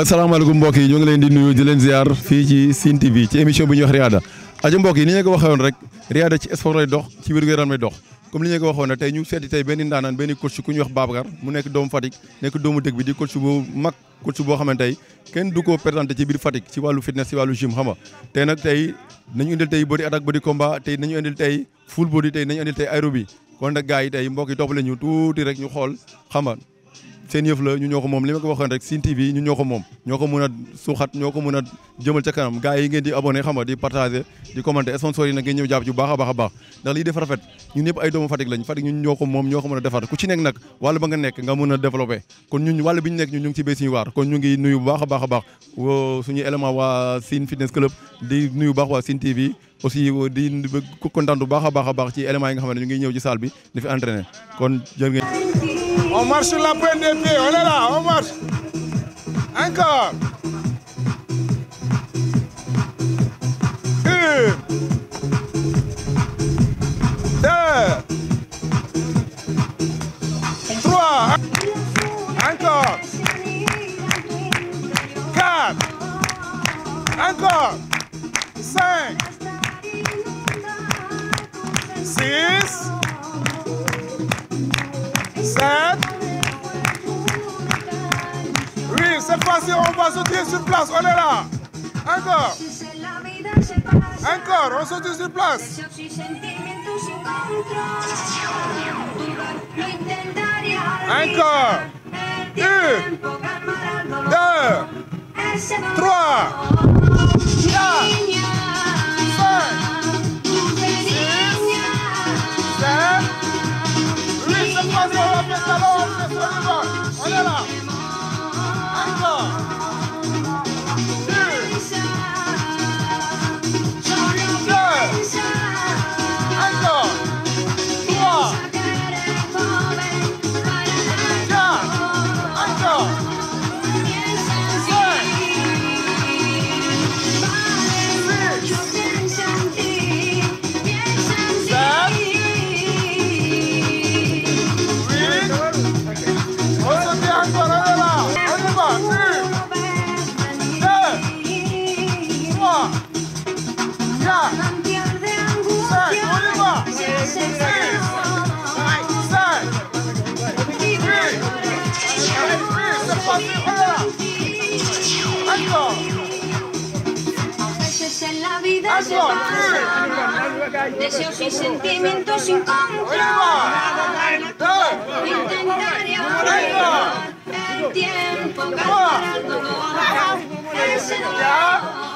asalaamaaleykum mbokk yi ñoo ngi leen di nuyu di leen ziar fii ci Sine TV ci émission bi ñuy wax Riada aja mbokk yi ni ñu ko waxee woon rek Riada ci sport lay dox ci wér gu yaram dox comme li ñu ko waxoon ne tey ñu seeti tey benn ndaanaan benn coach ku ñuy wax Babacar mu nekk doomu Fatick nekk doomu dëkk bi di coach bu mag coach boo xamante tey kenn du ko présenté ci biir Fatick ci wàllu fitness ci wàllu gym xam nga tey nag tey nañu indil tey body attack body combat tey nañu indil tey full body tey nañu indil tey aérobie kon nag gars yi tey mbokk yi topp la ñu tuuti rek ñu xool xam seen yëf la ñu ñoo moom li ma ko waxoon rek Sine TV ñu ñoo a suuxat ñoo ko a jëmal ca kanam gars yi ngeen di abonné xam di partagé di commenté sponsor nag ngeen ñëw jàpp ci baax a baax a baax ndax lii def rafet ñun ñëpp ay doomu Fatick lañ Fatick a defar ku ci nekk nag a développé kon ñun wàll bi ñu nekk ñun ñu baax a baax a baax suñu élément waa Sine Fitness Club di nuyu baax waa Sine TV aussi di kontaan bu baax a baax baax ci élément yi nga xam ne ñu ngi ñëw ci salle bi di fi entraîné kon jël On marche sur la pointe des pieds, on est là, on marche. Encore. Une. Deux. Trois. Encore. Quatre. Encore. on va sauter sur place, on est là. Encore. Encore, on saute sur place. Encore. Une, deux, trois, deseos y sentimientos sin control. Intentaré olvidar el tiempo que el dolor, el dolor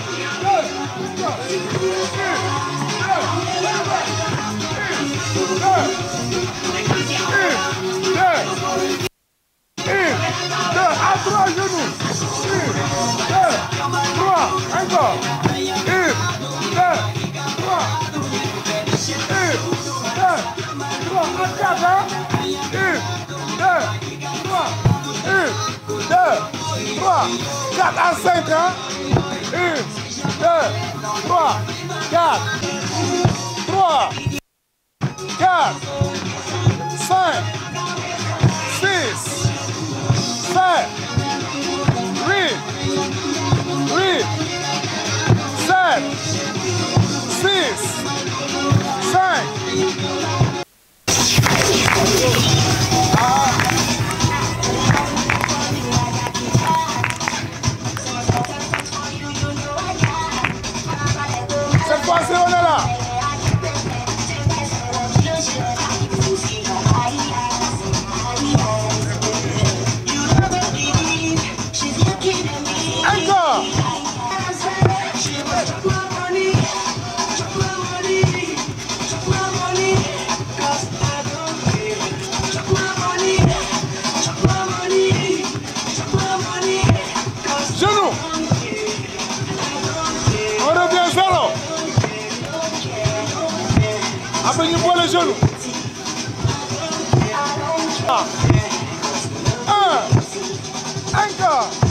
you go. jeune. Ah. Ah. Un,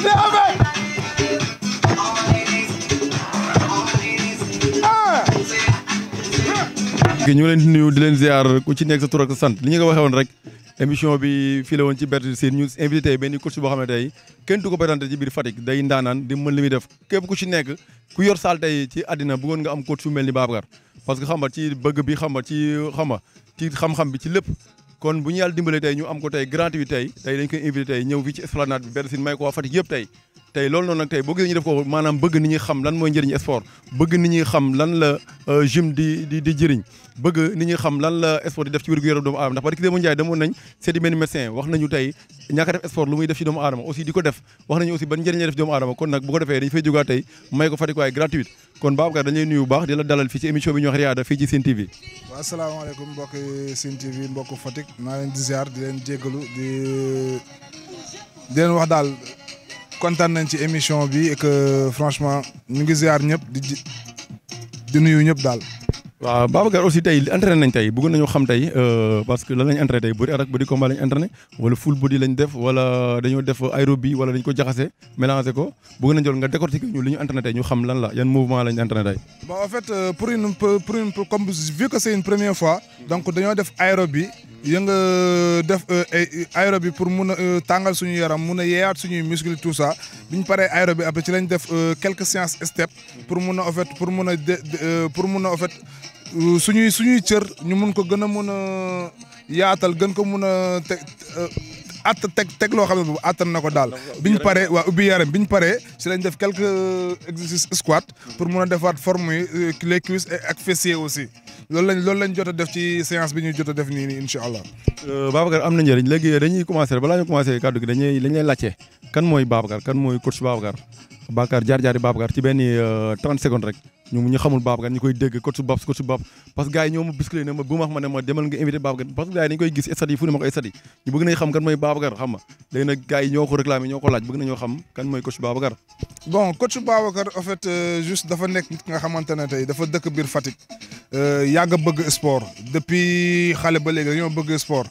sauter avec. Ah. ñu ngi di nuyu di leen ku ci nekk sa tur sant li ñu ko waxee rek émission bi fii woon ci Berthé Sine ñu invité tey benn coach boo xam ne tey kenn du ko ci biir Fatick day ndaanaan di mën li muy def képp ku ci nekk ku yor saal tey ci àddina bëggoon nga am coach fu mel ni Babacar parce que xam nga ci bëgg bi xam nga ci xam nga ci xam-xam bi ci lépp kon bu ñu yàlla dimbalee tey ñu am ko tey gratuit tey tey dañ koy invité tey ñëw fii ci esplanade bi benn sin may ko waa Fatick yëpp tey tey noonu nag tey boo gisee ñu def ko maanaam bëgg nit ñi xam lan la euh, gym di di di jëriñ bëgg nit ñi xam lan la sport di def ci wér gu yaram doomu aadama ndax parce que démb Ndiaye demoon nañ seeti benn médecin wax nañu tey ñàkk a def sport lu muy def ci doomu aadama aussi di ko def wax nañu aussi ban njëriñ la def doomu aadama kon nag bu ko defee dañu fay jógaa tey may ko kon Babacar dañ lay nuyu bu baax di la dalal fii ci émission bi ñu wax Riyaada fii ci Sen TV. waaw asalaamaaleykum mbokk Sen TV mbokk fatik maa leen di ziar di leen jéggalu di di leen wax daal kontaan nañ ci émission bi et que franchement ñu ngi ziar ñëpp di di nuyu ñëpp daal. waaw Babacar aussi tey entraîné nañ tey bëggoon nañoo xam tey euh, parce que lan lañ entraîné tey bëri arak bëri a lañ entraîné wala full body lañ def wala dañoo def aérobie wala dañ ko jaxase mélangé ko bëgg nañ jël nga décortiquer ñu li ñu entraîné tey ñu xam lan la yan mouvement lañ entraîné tey bon en euh, pour une comme vu que une première fois donc dañoo def aérobie yënga def euh, aérobie pour mun a tàngal suñu yaram mun a yeeyaat suñuy muscle tout ça bi ñu paree aérobie après ci lañ def quelques séances step pour mun a en fait pour mun a pour mun a en suñuy suñuy cër ñu mun ko gën a mun a yaatal gën ko mun a te att teg teg loo xam ne boobu attan na ko daal bi ñu paree waa ubbi yaram bi ñu paree si lañ def quelques exercices squat pour mun a defaat forme yi euh, les cuisses ak fessiers aussi lool lañ loolu lañ jot a def ci séance bi ñuy jot a def nii nii incha allah. Euh, Babacar am na njëriñ léegi dañuy commencé balaa ñu commencé kàddu gi dañuy dañ lay laajte kan mooy Babacar kan mooy coach Babacar. Bakar jaar jaari Babacar ci benn 30 euh, secondes rek ñu ñu xamul Babacar ñu koy dégg coach Babs coach Babs parce que gars yi ne ma bu ma ma ne ma demal nga invité Babacar parce que gars yi koy gis stade fu ne ma ko stade bëgg nañ xam kan mooy Babacar xam nga léegi nag gars yi ñoo ko euh, juste dafa nekk nga xamante ne tey dafa dëkk biir Fatick Euh, yàgg a bëgg sport depuis xale ba léegi dañoo bëgg sport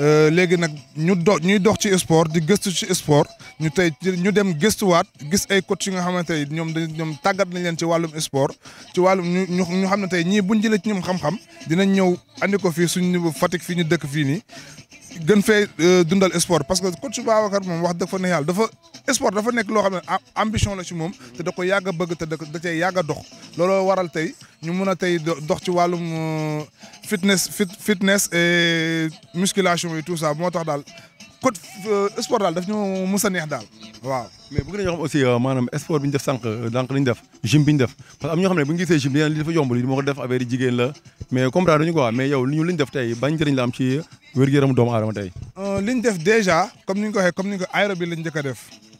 euh, léegi nag ñu do ñuy dox ci sport di gëstu ci sport ñu tey ñu dem gëstuwaat gis ay coach yi nga xamante ne ñoom dañ ñoom tàggat nañ leen ci wàllum sport ci wàllum ñu ñu xam ne tey ñii buñ jëlee ci ñoom xam-xam dinañ ñëw andi ko fii suñu Fatick fii ñu dëkk fii nii. gën fee euh, dundal sport parce que coach Babacar moom wax dëgg fa ne yàlla dafa sport dafa nekk loo xam ne ambition la ci moom te da ko yàgg a bëgg te da cee yàgg a dox looloo waral tey ñu mën a tey dox ci wàllum euh, fitness fit fitness et musculation et tout ça moo tax daal côté euh, sport daal daf ñu mus daal waaw. mais bëgg nañoo xam aussi euh, maanaam sport bi def sànq euh, donc li def gym bi def parce que am ñoo ne bu ñu gisee gym li yomb li moo ko def affaire jigéen la mais comprendre ñu quoi mais am ci wér-gu-yaramu doomu aadama tey. li def dèjà comme ni ko waxee comme ni def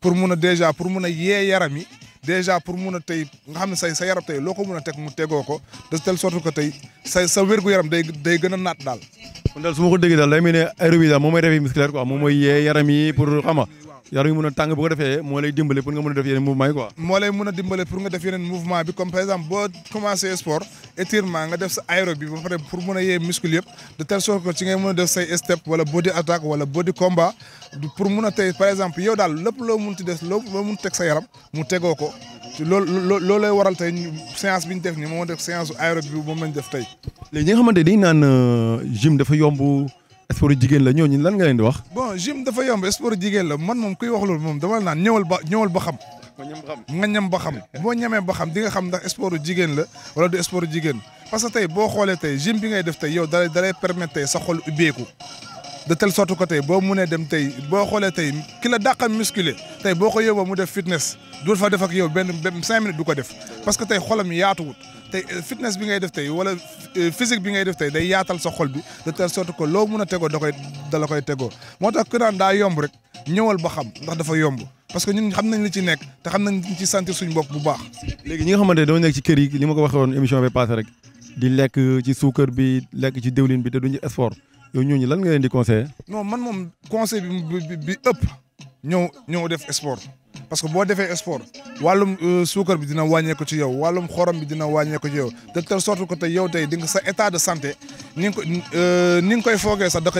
pour mun a dèjà pour mun a yee yaram yi dèjà pour mun a tey nga xam ne say sa yaram tey loo ko mun a teg mu tegoo ko de telle sorte que tey sa sa wérgu yaram day day gën a naat daal. kon daal su ko déggee daal day mel ne aérobie daal moom mooy réveil musculaire quoi moom mooy yee yaram yi pour xam yaram yu mun a tàng bu ko defee moo dimbale pour nga mën a def yeneen mouvement yi a dimbale pour nga def yeneen mouvement bi comme par exemple boo commencé sport étirement nga def sa aérobie ba pare pour mën a yee muscle yëpp de telle sorte que ci ngay mën a def say step wala body attack wala body combat pour mën a tey par exemple yow daal lépp loo munti des loo loo mun teg sa yaram mu tegoo ko loolu loolu lay waral tey séance bi ñu def ni moom def séance aérobie bi moom lañ def tey léegi ñi nga xamante ni dañ naan euh, gym dafa yomb sport jigéen la ñooñu lan nga leen di wax. bon gym dafa yomb sport jigéen la man moom kuy wax loolu moom dama la naan ñëwal ba ñëwal ba xam. nga ñam ba xam boo ñamee ba xam di nga xam ndax sport jigéen la wala du sport jigéen parce que tey boo xoolee tey gym bi ngay def tey yow dalay dalay permettre tey sa xol de tele sorte que tey boo munee dem tey boo xoolee tey ki la dàqam musculé tey boo ko yóbboo mu def fitness du fa def ak yow benn benn cinq minutes du ko def parce que tey xolam yaatuwut tey euh, fitness bi ngay def tey wala euh, physique bi ngay def tey day yaatal sa xol bi de telle sorte que loo mun a tegoo da koy koy tegoo moo tax ku naan daa yomb rek ñëwal ba xam ndax dafa yomb parce que ñun xam nañ li ci nekk te xam nañ ci sentir suñu bopp bu baax. léegi ñi nga xamante ne dama nekk ci kër yi li ma ko waxee woon émission bi passé rek di lekk ci suukar bi lekk ci diwlin bi te duñu sport yow ñooñu lan nga leen di conseiller. non man moom conseil bi bi ëpp ñëw ñëw def sport parce que boo defee sport wàllum euh, suukar bi dina wàññeeku ci yow wàllum xorom bi dina wàññeeku ci yow de telle sorte que tey yow tey di nga sa état de santé ni nga ko euh, ni nga koy foogee sax da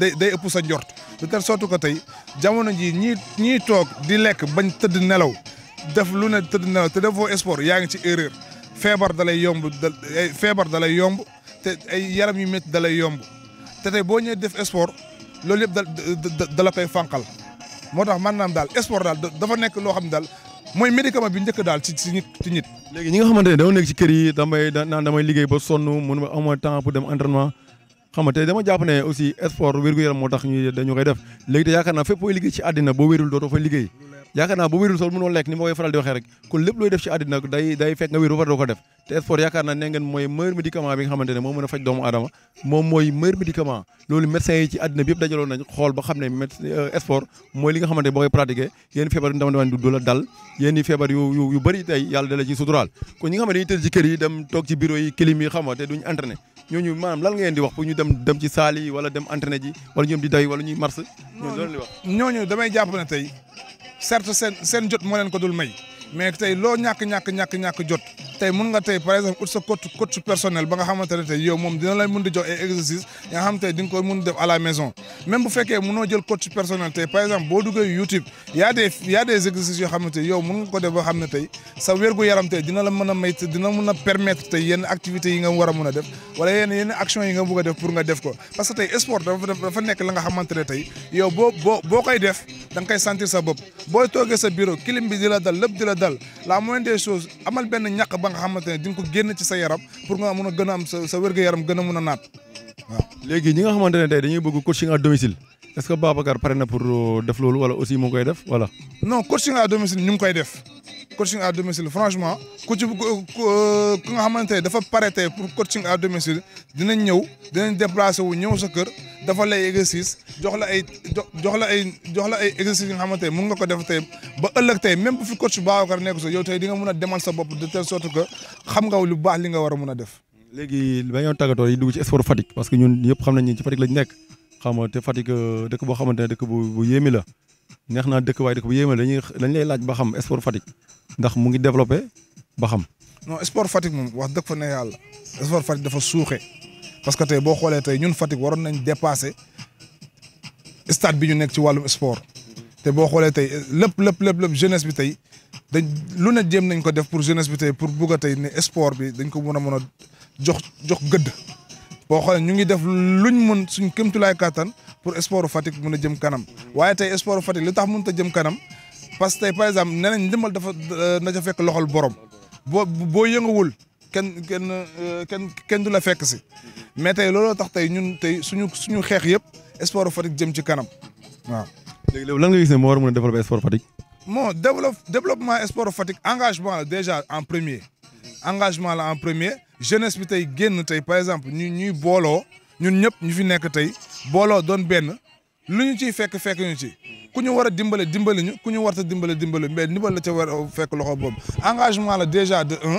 day day ëpp sa njort de telle sorte que tey jamono jii ñi ñii toog di lekk bañ tëdd nelaw def lu ne tëdd nelaw te defoo sport yaa ngi ci erreur feebar dalay yomb da feebar da lay yomb te ay yaram yu métti da lay yomb. te tey boo ñëwee def sport loolu yëpp da da la koy fànqal moo tax maanaam daal sport daal dafa nekk loo xam ne daal mooy médicament bi njëkk daal ci ci nit léegi ñi nga xamante ne dama nekk ci kër yi damay naan damay liggéey ba sonn mënuma amoo temps pour dem entraînement xam nga tey dama jàpp ne aussi sport wér-gu-yaram moo tax ñu dañu koy def léegi te yaakaar naa fépp booy liggéey ci àddina boo wérul dootoo fa liggéey yaakaar naa bu wérul sol mënoo lekk ni ma koy faral di waxee rek kon lépp looy def ci àddina day day fekk nga wér ba pare doo ko def te sport yaakaar naa ne ngeen mooy meilleur médicament bi nga xamante ne moo mën a faj doomu aadama moom mooy meilleur médicament loolu médecins yi ci àddina bi yëpp dajaloon nañ xool ba xam ne euh, sport mooy li nga xamante ne boo koy pratiquer yéen feebar yu ndama du la dal yéen feebar yu yu yu bëri tey yàlla dala ci suturaal kon ñi nga xamante ne ñu tëdd ci kër yi dem toog ci bureau yi clim yi xam nga te duñ entraîner ñooñu maanaam lan ngeen di wax pour ñu dem dem ci saal yi wala dem entraîner ji wala ñu dem di day wala ñuy mars ñooñu damay jàpp ne tey certes seen seen jot moo leen ko dul may mais tey loo ñàkk ñàkk ñàkk ñàkk jot tey mun nga tey par exemple ut sa coach coach personnel ba nga xamante ne tey yow moom dina lay mun di jox exercice yi nga xam tey tey y a a des yoo a a permettre tey yenn activités yi nga war a a def boo boo boo koy def da nga koy sa bopp booy toogee sa bureau clim bi di la dal lépp di la dal la moindre des choses amal benn ñàkk ba nga xamante ne di nga ko génn ci sa yaram pour nga mun a gën a am sa sa wér-gu-yaram gën a mun a naat waaw. léegi ñi nga xamante ne tey dañuy bëgg coaching à domicile est-ce que Babacar pare na pour euh, def loolu wala aussi mu koy def wala. non coaching à domicile ñu ngi koy def coaching à domicile franchement ku ci ku nga xamante ne dafa pare tey pour coaching à domicile dinañ ñëw dinañ déplacé wu ñëw sa kër dafa lay exercice jox la ay jox la ay jox la ay exercice yi nga xamante ne mun nga ko def tey ba ëllëg tey même bu fi coach Babacar nekk sa yow tey di nga mun a demal sa bopp de telle sorte que xam nga lu baax li nga war a mun a def. léegi ba ñoo tàggatoo yi dugg ci sport Fatick parce que ñun ñëpp xam na ñu ci Fatick lañ nekk xam nga te Fatick dëkk boo xamante ne dëkk bu yéemi la. neex naa dëkk waaye dëkk bu yéeme dañuy dañ lay laaj ba xam sport Fatick ndax mu ngi développé ba xam. no sport Fatick moom wax dëgg fa ne yàlla sport Fatick dafa suuxe parce que tey boo xoolee tey ñun Fatick waroon nañ dépassé stade bi ñu nekk ci wàllum sport. te boo xoolee tey lépp lépp lépp lépp jeunesse bi tey dañ lu ne jéem nañ ko def pour jeunesse bi tey pour bugg a tey ni sport bi dañ ko mën a mën a jox jox gëdd. boo xoolee ñu ngi def luñ mën suñ këmtulaay kàttan pour sport Fatick mën a jëm kanam waaye tey sport Fatick li tax mun a jëm kanam parce que par exemple nee nañ ndimbal dafa euh, na ca fekk loxol borom boo boo yëngawul kenn kenn euh, kenn kenn du la fekk si mais tey looloo tax tey ñun tey suñu suñu xeex yëpp sport Fatick jëm ci kanam waaw. léegi léegi lan nga gis ne moo war a mën a développer sport Fatick. bon développement sport Fatick engagement la déjà en premier engagement la en premier. jeunesse bi tay génn tay par exemple ñu ñuy booloo ñun ñëpp ñu fi nekk tay booloo doon benn lu ñu ciy fekk fekk ñu ci ku ñu war a dimbale dimbali ñu ku ñu war a dimbale dimbali mais ndimbal la ca war a fekk loxo boobu engagement la déjà de un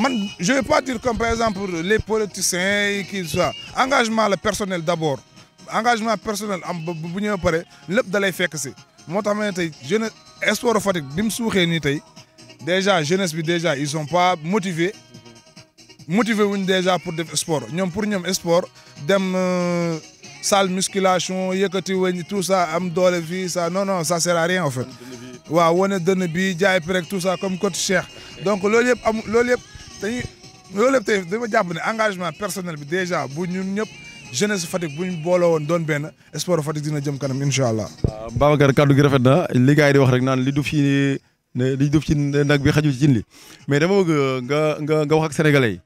man je vais pas dire comme par exemple les politiciens et qui soit engagement la personnel d'abord engagement personnel am ba bu ñëw pare lépp da lay fekk si moo tax ma tey jeunesse espoir Fatick bi mu suuxee nii tey déjà jeunesse bi déjà ils sont pas motivés motivé wuñ déjà pour def sport ñom pour ñom sport dem euh, salle musculation yëkëti weñ tout ça am doole fi ça non non ça sert à rien en fait waaw wone dënn bi jaay prek tout ça comme coach Cheikh donc loolu yëpp am loolu yëpp dañuy loolu yëpp tey dama jàpp ne engagement personnel bi déjà bu ñun ñëpp jeunesse Fatick bu ñu boole woon doon benn sport Fatick dina jëm kanam incha allah. waaw ah, Babacar kaddu gi rafet na li gars yi di wax rek naan li du fi li du ci nag bi xaju ci cin mais dama bëgg nga nga nga wax ak sénégalais yi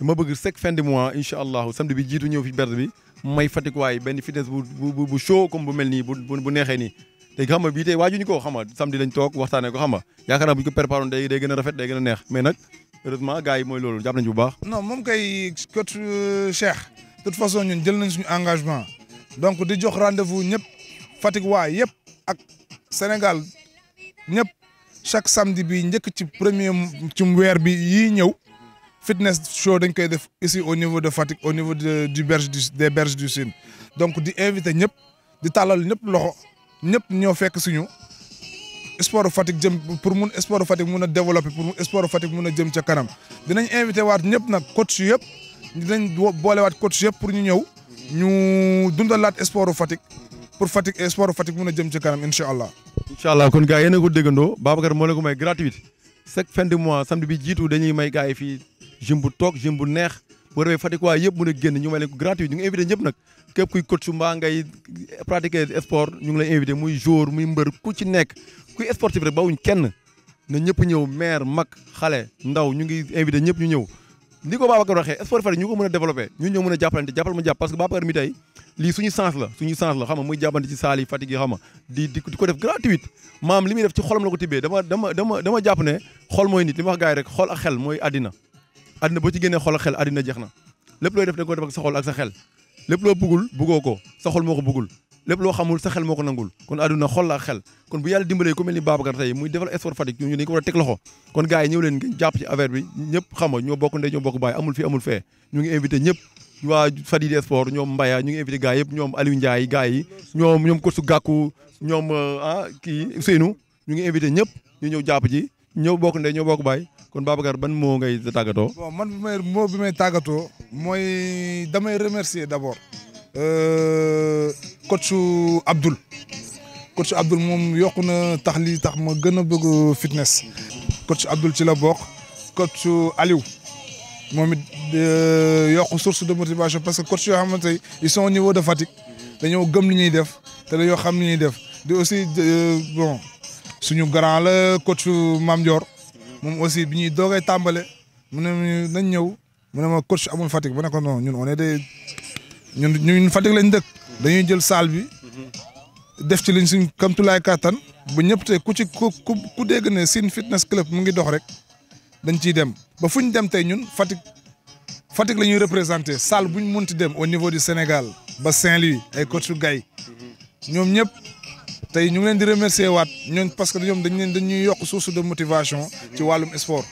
ma bëgg la fin de mois incha samedi bi jiitu ñëw fi berde may waay fitness bu bu bu show comme bu mel bu bu neexee nii te xam nga bii tey waajuñu ko xam nga samedi lañ toog waxtaanee ko xam nga yaakaar naa bu ko préparé day day a rafet day gën neex mais nag heureusement gars yi loolu jàpp nañ bu baax. non moom kay euh, Cheikh de toute façon ñun nañ suñu engagement donc di jox rendez-vous ñëpp Fatick waay ak Sénégal ñëpp chaque samedi bi njëkk ci premier ci weer bi fitness show dañ koy def ici au niveau de Fatick au niveau de du berge du des berges du Sine donc di invité ñëpp di tàllal ñëpp loxo ñëpp ñoo fekk si ñu sport Fatick jëm pour mun sport Fatick mun a développer pour sport Fatick mun a jëm ca kanam dinañ invité waat ñëpp nag coach yëpp dinañ boolewaat coach yëpp pour ñu ñëw ñu dundalaat sport Fatick pour Fatick et sport Fatick mun a jëm ca kanam incha allah. incha allah kon gars yéen a ko déggandoo Babacar moo leen ko may gratuite de mois samedi bi jiitu dañuy may gars yi fii. gym bu toog gym bu neex bu rafet Fatick waa yëpp mën a génn ñu may leen ko gratuit ñu ngi invité ñëpp nag képp kuy coach mbaa ngay pratiquer sport ñu ngi lay invité muy joueur muy mbër ku ci nekk kuy sportif rek bawuñ kenn na ñëpp ñëw maire mag xale ndaw ñu ngi invité ñëpp ñu ñëw ni ko Babacar waxee sport ñu ko mën a développé ñu a jàppalante jàppal ma jàpp parce que Babacar mi tey lii suñu sens la suñu sens la xam muy jàppante ci saal yi yi xam di di ko def gratuite maam li muy def ci xolam la ko tibbee dama jàpp ne xol mooy nit li ma wax rek xol ak xel mooy àddina àddina boo ci génnee xol ak xel àddina jeex na lépp looy def da nga ko def ak sa xel lépp loo bëggul bëggoo ko sa xol moo ko bëggul lépp loo xamul sa xel moo ko nangul kon àdduna xol ak xel kon bu yàlla dimbalee ku mel ni Babacar tey muy defal espoir Fatick ñu dañ ko a teg loxo kon gars yi ñëw leen ngeen jàpp ci ñoo bokk ndey ñoo bokk baay amul fi amul fee ñu ngi invité ñëpp waa Fatick di sport ñoom Mbaya ñu ngi invité gars yëpp ñoom Aliou Ndiaye gars yi ñoom ñoom Kosu Gàkku ñoom euh, ah kii Seynou ñu ngi invité ñëpp ñu ñëw jàpp ji ñëw bokk ndey ñëw bokk baay kon Babacar ban moo ngay tàggatoo. bon man bi may moo bi may tàggatoo. mooy damay remercier su abdul euh, Abdoul. coach Abdoul moom yokku na tax lii tax ma gën a bëgg fitness. coach Abdoul ci la bokk. su Aliou. moom it euh, yokk source de motivation parce que coach yoo xamante ne ils sont au niveau de Fatick. dañoo gëm li ñuy def te dañoo xam li ñuy def di aussi euh, bon. suñu grand la coach Mame Dior moom aussi bi ñuy doogay tàmbale mu ne nañ ñëw mu ne ma coach amul Fatick ba ne ko non ñun on est des ñun ñun Fatick lañ dëkk. dañuy jël salle bi def ci liñ suñ kamtulaay kattan ba ñëpp te ku ci ku ku dégg ne Sine fitness club mu ngi dox rek dañ ciy dem ba fu ñu dem te ñun Fatick Fatick la ñuy représenté salle bu ñu munti dem au niveau du Sénégal ba Saint-Louis ay coach Gaye ñoom ñëpp. tey ñu ngi leen di remercier waat ñooñ parce que ñoom dañ leen dañuy yokk source de motivation ci wàllum sport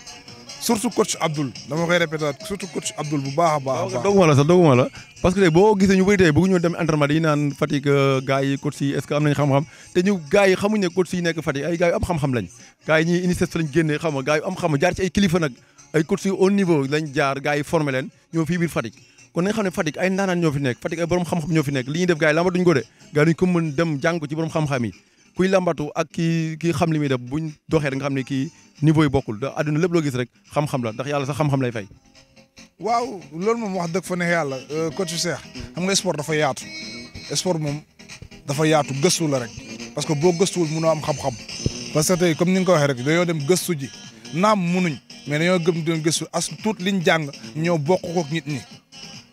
surtout coach Abdoul dama koy répété waat surtout coach Abdoul bu baax a baax. doguma la sax doguma la parce que tey boo gisee ñu bëri tey bëgguñu dem entraînement dañuy naan Fatick euh, gars yi coach yi est ce que am nañ xam-xam te ñu gars yi xamuñ ne coach yi nekk Fatick ay gars yu am xam-xam lañ gars yi ñuy UNICEF lañ génnee xam nga gars yu am xam jaar ci ay kilifa nag ay coach yi au niveau lañ jaar gars yi formé leen ñoo fii biir Fatick kon nañ xam ne Fatick ay ndaanaan ñoo fi nekk Fatick ay borom xam-xam ñoo fi nekk li ñuy def gars yi lambatuñu ko de gars yi dañ ko mën dem kii xam li muy def buñ doxee da nga xam ne kii niveau yi bokkul da lépp loo gis rek xam la ndax yàlla sax xam-xam lay fay waaw loolu moom wax dëgg fa ne yàlla euh, coach Cheikh xam nga sport dafa yaatu sport moom dafa yaatu gëstu la rek parce que boo gëstuwul mënoo am xam-xam que comme ni nga ko waxee rek dañoo dem gëstu ji naam munuñ mais dañoo gëm doon gëstu as tuut liñ jàng ñoo bokk ko nit ñi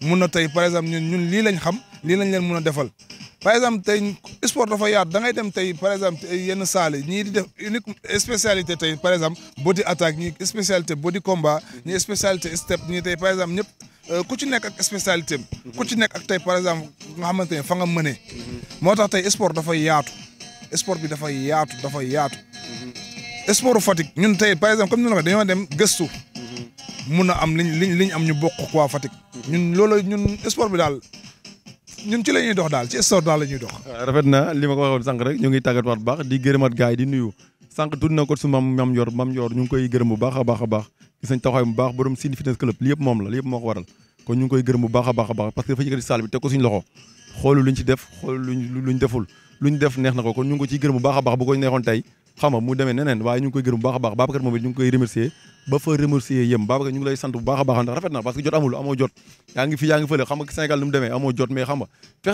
mun na tey par exemple ñun ñun lii lañ xam lii lañ leen mun a defal par exemple tey sport dafa yaatu dangay dem tey par exemple yenn salle ñii di def unique spécialité tey par exemple body attaque ñii spécialité body combat ñii spécialité step ñii tey par exemple ñëpp euh, ku ci nekk ak spécialité am ku ci nekk ak tey par exemple nga xamante ne fa nga mënee moo tax tey sport dafay yaatu sport bi dafay yaatu dafa yaatu sport Fatick ñun tey par exemple comme ni ma la ko dem gëstu. Mhm. mun a am liñ liñ liñ ñu bokk waa Fatick. ñun loolu ñun sport bi daal ñun ci la ñuy dox daal ci sport daal la dox. Euh, rafet na li ko waxoon sànq rek ñu ngi tàggatwaat bu baax di gërëmaat gars di nuyu sànq tudd na ko su mam mam yor a baax a baax gis nañ taxawaay bu baax ñu ngi koy gërëm a baax a baax parce que dafa yëkkati salle bi teg loxo xoolu luñ ci def neex na ko kon ñu ngi ko ciy gërëm bu baax a baax bu ko neexoon tey xam nga mu demee neneen waaye ñu ngi koy gërëm bu baax a baax baax a baax na parce que jot amul amoo jot yaa ngi ngi fële xam nga Sénégal nu mu demee amoo baax di a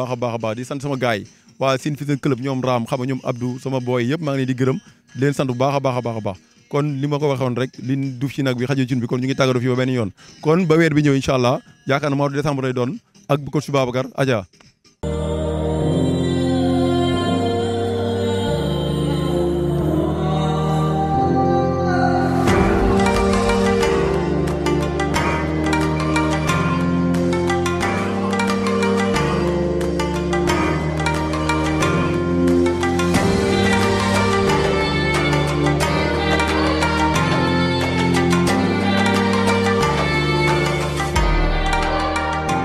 a a baax di sant sama gars yi waa Sine Fitness ñoom Raam xam ñoom Abdou sama booy yëpp maa ngi di gërëm leen sant baax a baax a baax a baax kon li ma ko waxoon rek li duuf si nag bi xajul cin bi kon ñu ngi tàggatoo fii ba benn yoon kon ba weer bi ñëw incha allah yaakaar na moo décembre lay doon ak bu ko su Babacar Adja